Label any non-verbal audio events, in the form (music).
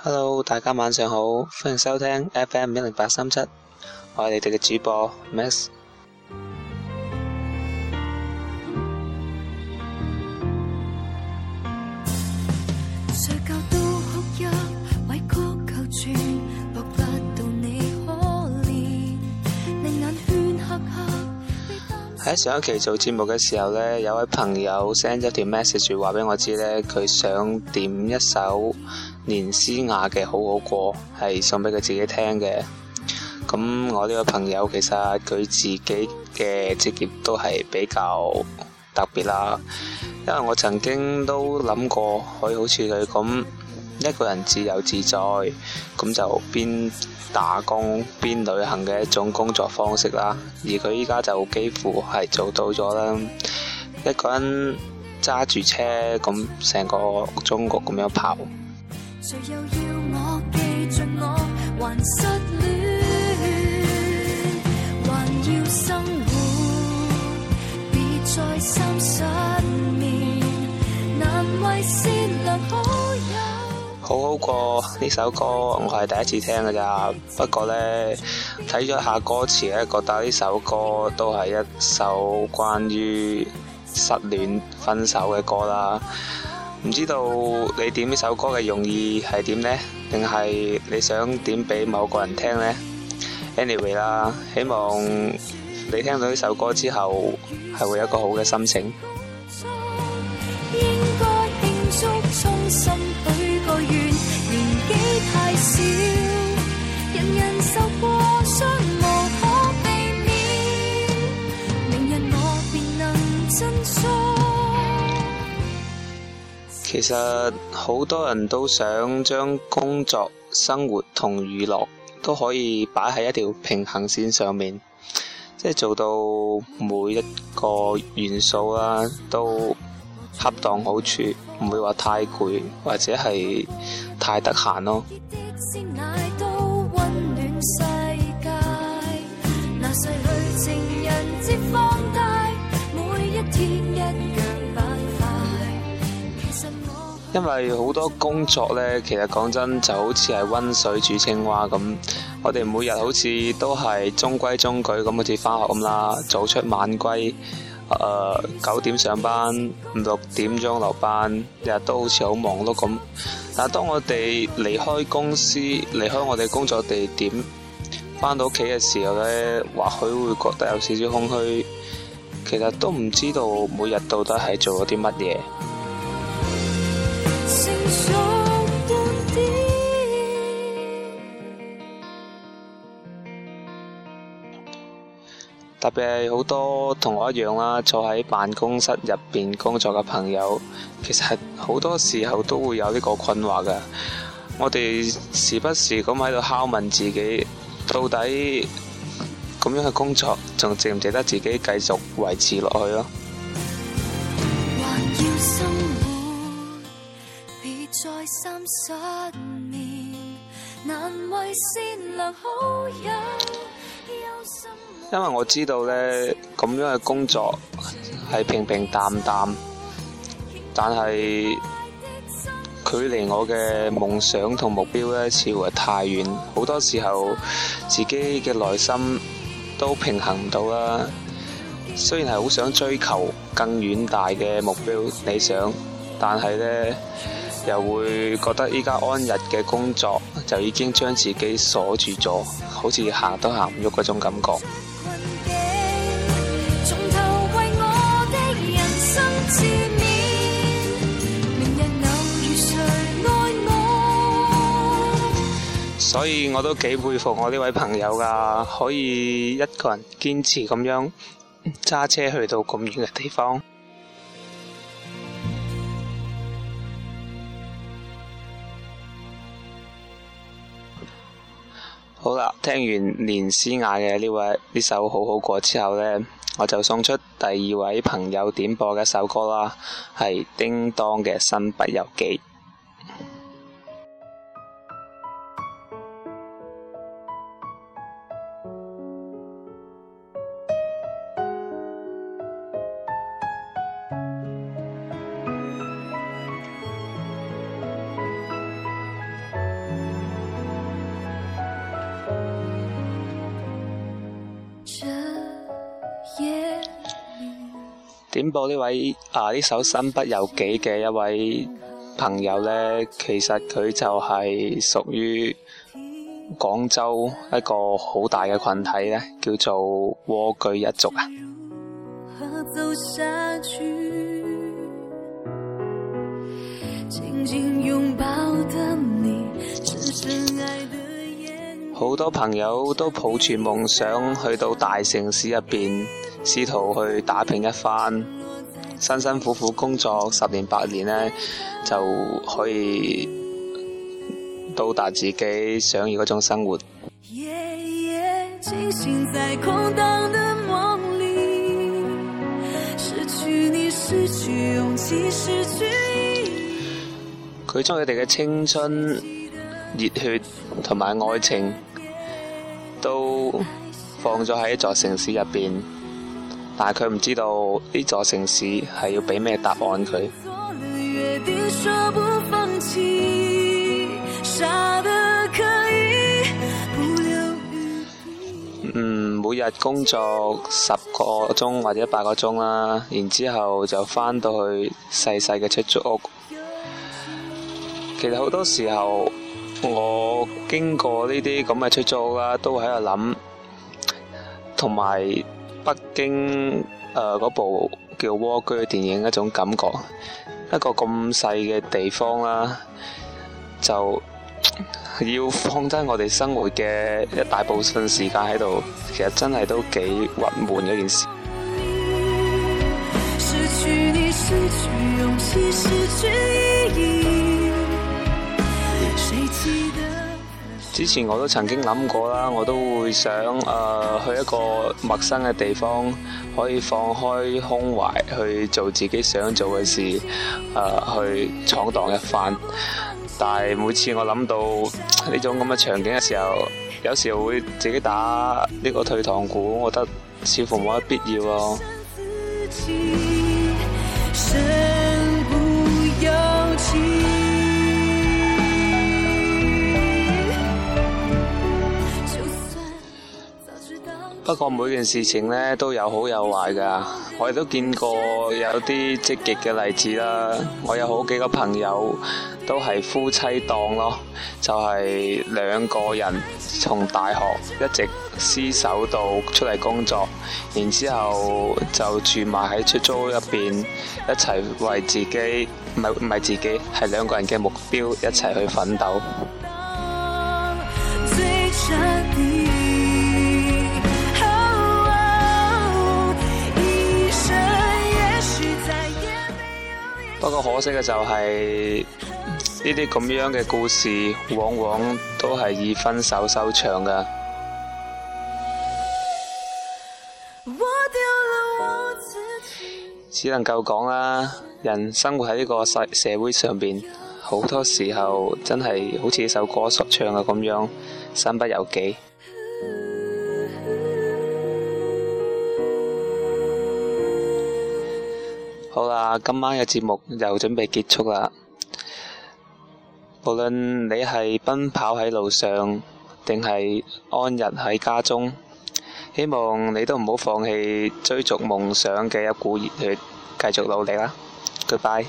Hello，大家晚上好，歡迎收聽 FM 一零八三七，我係你哋嘅主播 Max。在教都哭泣，委曲求全，博不到你可憐，令眼圈黑黑。喺上一期做節目嘅時候呢，有位朋友 send 咗條 message 話俾我知呢，佢想點一首。連詩雅嘅好好過，係送俾佢自己聽嘅。咁我呢個朋友其實佢自己嘅職業都係比較特別啦，因為我曾經都諗過可以好似佢咁一個人自由自在咁就邊打工邊旅行嘅一種工作方式啦。而佢依家就幾乎係做到咗啦，一個人揸住車咁成個中國咁樣跑。誰又要我記住我？還失戀，還要生活，別再失眠，難為善良好友好好過呢首歌，我係第一次聽㗎咋。不過咧，睇咗下歌詞咧，覺得呢首歌都係一首關於失戀分手嘅歌啦。唔知道你點呢首歌嘅用意係點呢？定係你想點俾某個人聽呢？Anyway 啦，anyway，希望你聽到呢首歌之後係會有一個好嘅心情。其實好多人都想將工作、生活同娛樂都可以擺喺一條平衡線上面，即係做到每一個元素呀都恰當好處，唔會話太攰，或者係太得閒咯。 (music) 因為好多工作呢，其實講真就好似係温水煮青蛙咁，我哋每日好似都係中規中矩咁，好似翻學咁啦，早出晚歸，誒、呃、九點上班，五六點鐘落班，日日都好似好忙碌咁。但當我哋離開公司，離開我哋工作地點，翻到屋企嘅時候呢，或許會覺得有少少空虛。其實都唔知道每日到底係做咗啲乜嘢。特別係好多同我一樣啦，坐喺辦公室入邊工作嘅朋友，其實好多時候都會有呢個困惑㗎。我哋時不時咁喺度拷問自己，到底咁樣嘅工作，仲值唔值得自己繼續維持落去咯？因為我知道呢，咁樣嘅工作係平平淡淡，但係距離我嘅夢想同目標呢，似乎係太遠。好多時候自己嘅內心都平衡唔到啦。雖然係好想追求更遠大嘅目標理想，但係呢，又會覺得依家安逸嘅工作就已經將自己鎖住咗，好似行都行唔喐嗰種感覺。所以我都幾佩服我呢位朋友噶，可以一個人堅持咁樣揸車去到咁遠嘅地方。好啦，聽完連詩雅嘅呢位呢首《好好過》之後呢。我就送出第二位朋友點播嘅一首歌啦，係叮噹嘅《身不由己》。點播呢位啊，呢首身不由己嘅一位朋友呢，其實佢就係屬於廣州一個好大嘅群體呢，叫做蝸居一族啊！好多朋友都抱住夢想去到大城市入邊，試圖去打拼一番，辛辛苦苦工作十年八年咧，就可以到達自己想要嗰種生活。夜夜驚醒在空蕩的夢裡，失去你，失去勇氣，失去意義。佢將佢哋嘅青春、熱血同埋愛情。都放咗喺一座城市入邊，但係佢唔知道呢座城市係要俾咩答案佢。 (music) 嗯，每日工作十個鐘或者八個鐘啦，然之後就翻到去細細嘅出租屋。其實好多時候。我經過呢啲咁嘅出租啦，都喺度諗，同埋北京誒嗰部叫《蝸居》嘅電影一種感覺，一個咁細嘅地方啦，就要放低我哋生活嘅一大部分時間喺度，其實真係都幾鬱悶嘅一件事。之前我都曾經諗過啦，我都會想誒、呃、去一個陌生嘅地方，可以放開胸懷去做自己想做嘅事，誒、呃、去闖蕩一番。但係每次我諗到呢種咁嘅場景嘅時候，有時候會自己打呢個退堂鼓，我覺得似乎冇乜必要咯。 (music) 不過每件事情咧都有好有壞㗎，我亦都見過有啲積極嘅例子啦。我有好幾個朋友都係夫妻檔咯，就係兩個人從大學一直廝守到出嚟工作，然之後就住埋喺出租屋入邊，一齊為自己唔係唔係自己，係兩個人嘅目標一齊去奮鬥。不過可惜嘅就係呢啲咁樣嘅故事，往往都係以分手收場㗎。 (music) 只能夠講啦，人生活喺呢個世社會上面，好多時候真係好似呢首歌所唱嘅咁樣，身不由己。好啦，今晚嘅節目又準備結束啦。無論你係奔跑喺路上，定係安逸喺家中，希望你都唔好放棄追逐夢想嘅一股熱血，繼續努力啦。Goodbye。